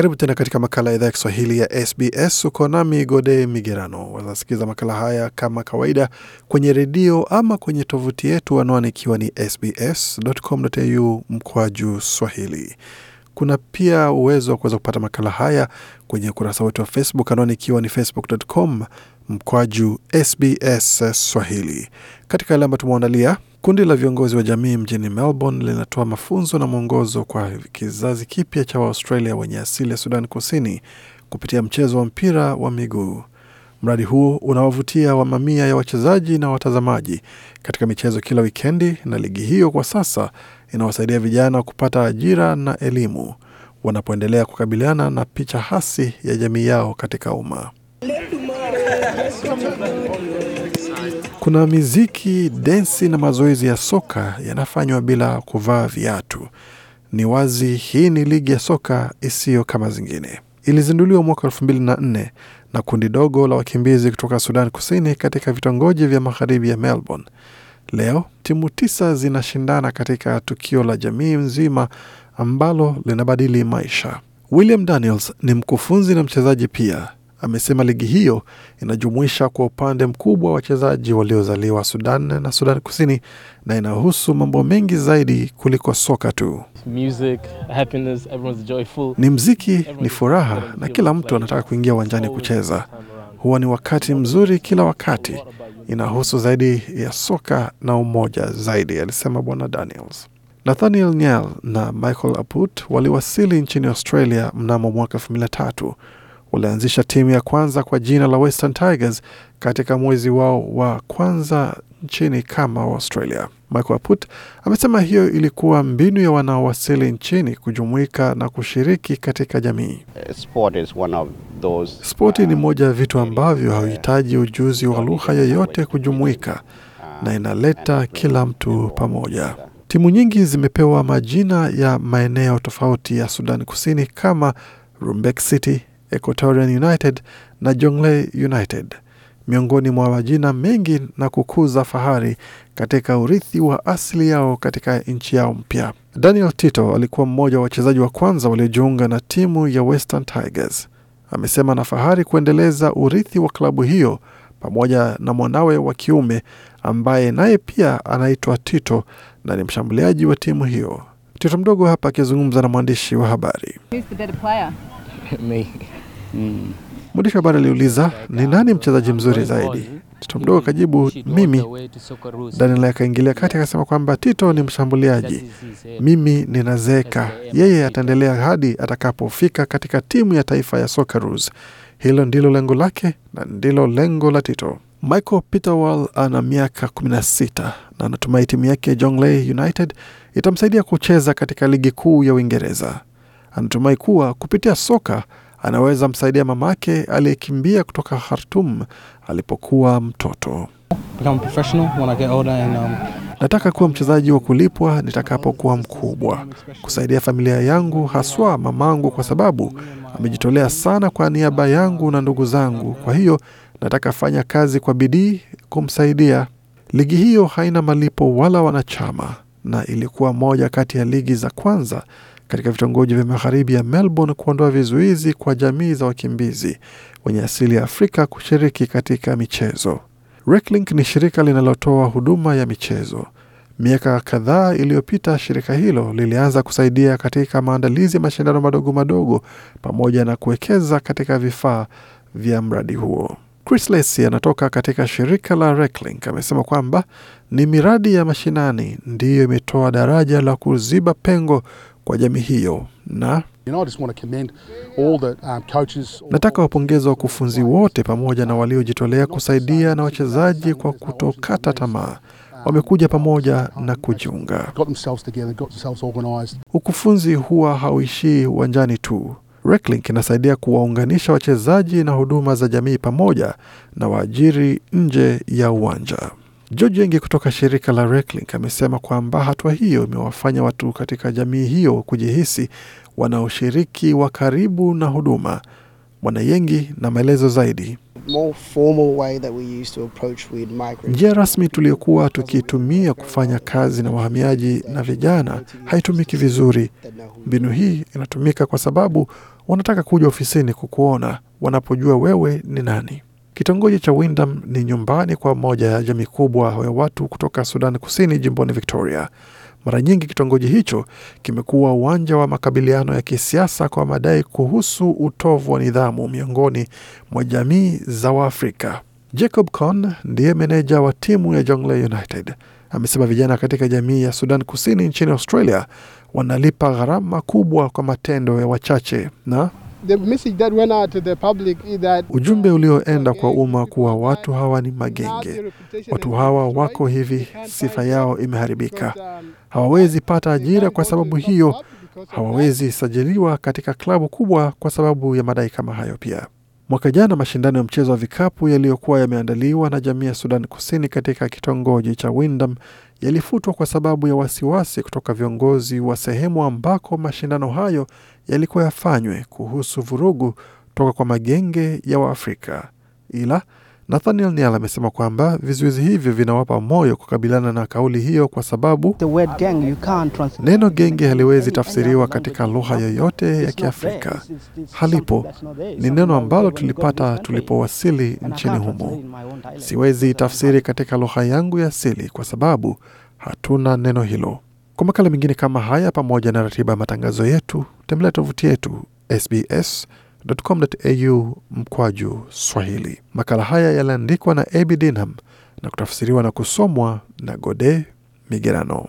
Karibu tena katika makala ya idhaa ya Kiswahili ya SBS. Uko nami Gode Migerano. Wazasikiza makala haya kama kawaida kwenye redio ama kwenye tovuti yetu, anwani ikiwa ni sbs.com.au mkwaju swahili. Kuna pia uwezo wa kuweza kupata makala haya kwenye ukurasa wetu wa Facebook, anwani ikiwa ni facebook.com mkwaju sbs swahili. Katika yale ambayo tumeandalia Kundi la viongozi wa jamii mjini Melbourne linatoa mafunzo na mwongozo kwa kizazi kipya cha Waaustralia wenye asili ya Sudan Kusini kupitia mchezo wa mpira wa miguu. Mradi huu unawavutia wa mamia ya wachezaji na watazamaji katika michezo kila wikendi, na ligi hiyo kwa sasa inawasaidia vijana kupata ajira na elimu wanapoendelea kukabiliana na picha hasi ya jamii yao katika umma. Kuna miziki, densi na mazoezi ya soka yanafanywa bila kuvaa viatu. Ni wazi hii ni ligi ya soka isiyo kama zingine. Ilizinduliwa mwaka 2004 na kundi dogo la wakimbizi kutoka Sudan Kusini katika vitongoji vya magharibi ya Melbourne. Leo timu tisa zinashindana katika tukio la jamii nzima ambalo linabadili maisha. William Daniels ni mkufunzi na mchezaji pia amesema ligi hiyo inajumuisha kwa upande mkubwa wachezaji waliozaliwa Sudan na Sudan Kusini na inahusu mambo mengi zaidi kuliko soka tu. Music, ni mziki, ni furaha na kila mtu anataka kuingia uwanjani kucheza. Huwa ni wakati mzuri kila wakati, inahusu zaidi ya soka na umoja zaidi, alisema Bwana Daniels. Nathaniel Nyel na Michael Aput waliwasili nchini Australia mnamo mwaka elfu mbili na tatu walianzisha timu ya kwanza kwa jina la Western Tigers katika mwezi wao wa kwanza nchini kama Australia. Michael Aput amesema hiyo ilikuwa mbinu ya wanaowasili nchini kujumuika na kushiriki katika jamii. Eh, sport is one of those, uh, spoti ni moja ya vitu ambavyo hauhitaji ujuzi wa lugha yoyote kujumuika uh, na inaleta kila mtu pamoja. Timu nyingi zimepewa majina ya maeneo tofauti ya Sudan Kusini kama Rumbek City, Equatorian United na Jonglei United miongoni mwa majina mengi na kukuza fahari katika urithi wa asili yao katika nchi yao mpya. Daniel Tito alikuwa mmoja wa wachezaji wa kwanza waliojiunga na timu ya Western Tigers. Amesema na fahari kuendeleza urithi wa klabu hiyo pamoja na mwanawe wa kiume ambaye naye pia anaitwa Tito na ni mshambuliaji wa timu hiyo. Tito mdogo hapa akizungumza na mwandishi wa habari Mm. Mwandishi wa habari aliuliza ni nani mchezaji mzuri zaidi. Tito mdogo akajibu mimi. Daniel akaingilia kati akasema kwamba Tito ni mshambuliaji, mimi ninazeka, yeye ataendelea hadi atakapofika katika timu ya taifa ya Socceroos. Hilo ndilo lengo lake na ndilo lengo la Tito. Michael Peterwall ana miaka 16 na anatumai timu yake Jonglei United itamsaidia kucheza katika ligi kuu ya Uingereza. Anatumai kuwa kupitia soka anaweza msaidia mamake aliyekimbia kutoka Khartum alipokuwa mtoto. Um, nataka kuwa mchezaji wa kulipwa nitakapokuwa mkubwa, kusaidia familia yangu, haswa mamangu, kwa sababu amejitolea sana kwa niaba yangu na ndugu zangu. Kwa hiyo nataka fanya kazi kwa bidii kumsaidia. Ligi hiyo haina malipo wala wanachama, na ilikuwa moja kati ya ligi za kwanza katika vitongoji vya magharibi ya Melbourne kuondoa vizuizi kwa jamii za wakimbizi wenye asili ya Afrika kushiriki katika michezo. Reclink ni shirika linalotoa huduma ya michezo. Miaka kadhaa iliyopita, shirika hilo lilianza kusaidia katika maandalizi ya mashindano madogo madogo pamoja na kuwekeza katika vifaa vya mradi huo. Chris anatoka katika shirika la Reclink amesema kwamba ni miradi ya mashinani ndiyo imetoa daraja la kuziba pengo kwa jamii hiyo na um, nataka wapongeza wakufunzi wote pamoja na waliojitolea kusaidia na wachezaji kwa kutokata tamaa. Wamekuja pamoja na kujiunga. Ukufunzi huwa hauishii uwanjani tu. Reklink inasaidia kuwaunganisha wachezaji na huduma za jamii pamoja na waajiri nje ya uwanja. George Enge kutoka shirika la Reclink amesema kwamba hatua hiyo imewafanya watu katika jamii hiyo kujihisi wanaoshiriki wa karibu na huduma. Bwana Yengi na maelezo zaidi. Njia rasmi tuliyokuwa tukitumia kufanya kazi na wahamiaji na vijana haitumiki vizuri. Mbinu hii inatumika kwa sababu wanataka kuja ofisini kukuona wanapojua wewe ni nani. Kitongoji cha Windham ni nyumbani kwa moja ya jamii kubwa ya watu kutoka Sudan Kusini, jimboni Victoria. Mara nyingi kitongoji hicho kimekuwa uwanja wa makabiliano ya kisiasa kwa madai kuhusu utovu wa nidhamu miongoni mwa jamii za Waafrika. Jacob Con ndiye meneja wa timu ya Jonglei United amesema vijana katika jamii ya Sudan Kusini nchini Australia wanalipa gharama kubwa kwa matendo ya wachache na The message that went out to the public is that ujumbe ulioenda kwa umma kuwa watu hawa ni magenge, watu hawa wako hivi, sifa yao imeharibika, hawawezi pata ajira kwa sababu hiyo, hawawezi sajiliwa katika klabu kubwa kwa sababu ya madai kama hayo. Pia mwaka jana mashindano ya mchezo wa vikapu yaliyokuwa yameandaliwa na jamii ya Sudan Kusini katika kitongoji cha Windam yalifutwa kwa sababu ya wasiwasi kutoka viongozi wa sehemu ambako mashindano hayo yalikuwa yafanywe kuhusu vurugu toka kwa magenge ya Waafrika, ila Nathaniel Nial amesema kwamba vizuizi hivyo vinawapa moyo kukabiliana na kauli hiyo kwa sababu gang, neno genge haliwezi tafsiriwa katika lugha yoyote ya Kiafrika. Halipo, ni neno ambalo tulipata tulipowasili nchini humo. Siwezi tafsiri katika lugha yangu ya asili kwa sababu hatuna neno hilo. Kwa makala mengine kama haya, pamoja na ratiba ya matangazo yetu, tembelea tovuti yetu sbs.com.au mkwaju Swahili. Makala haya yaliandikwa na Abi Dinham na kutafsiriwa na kusomwa na Gode Migerano.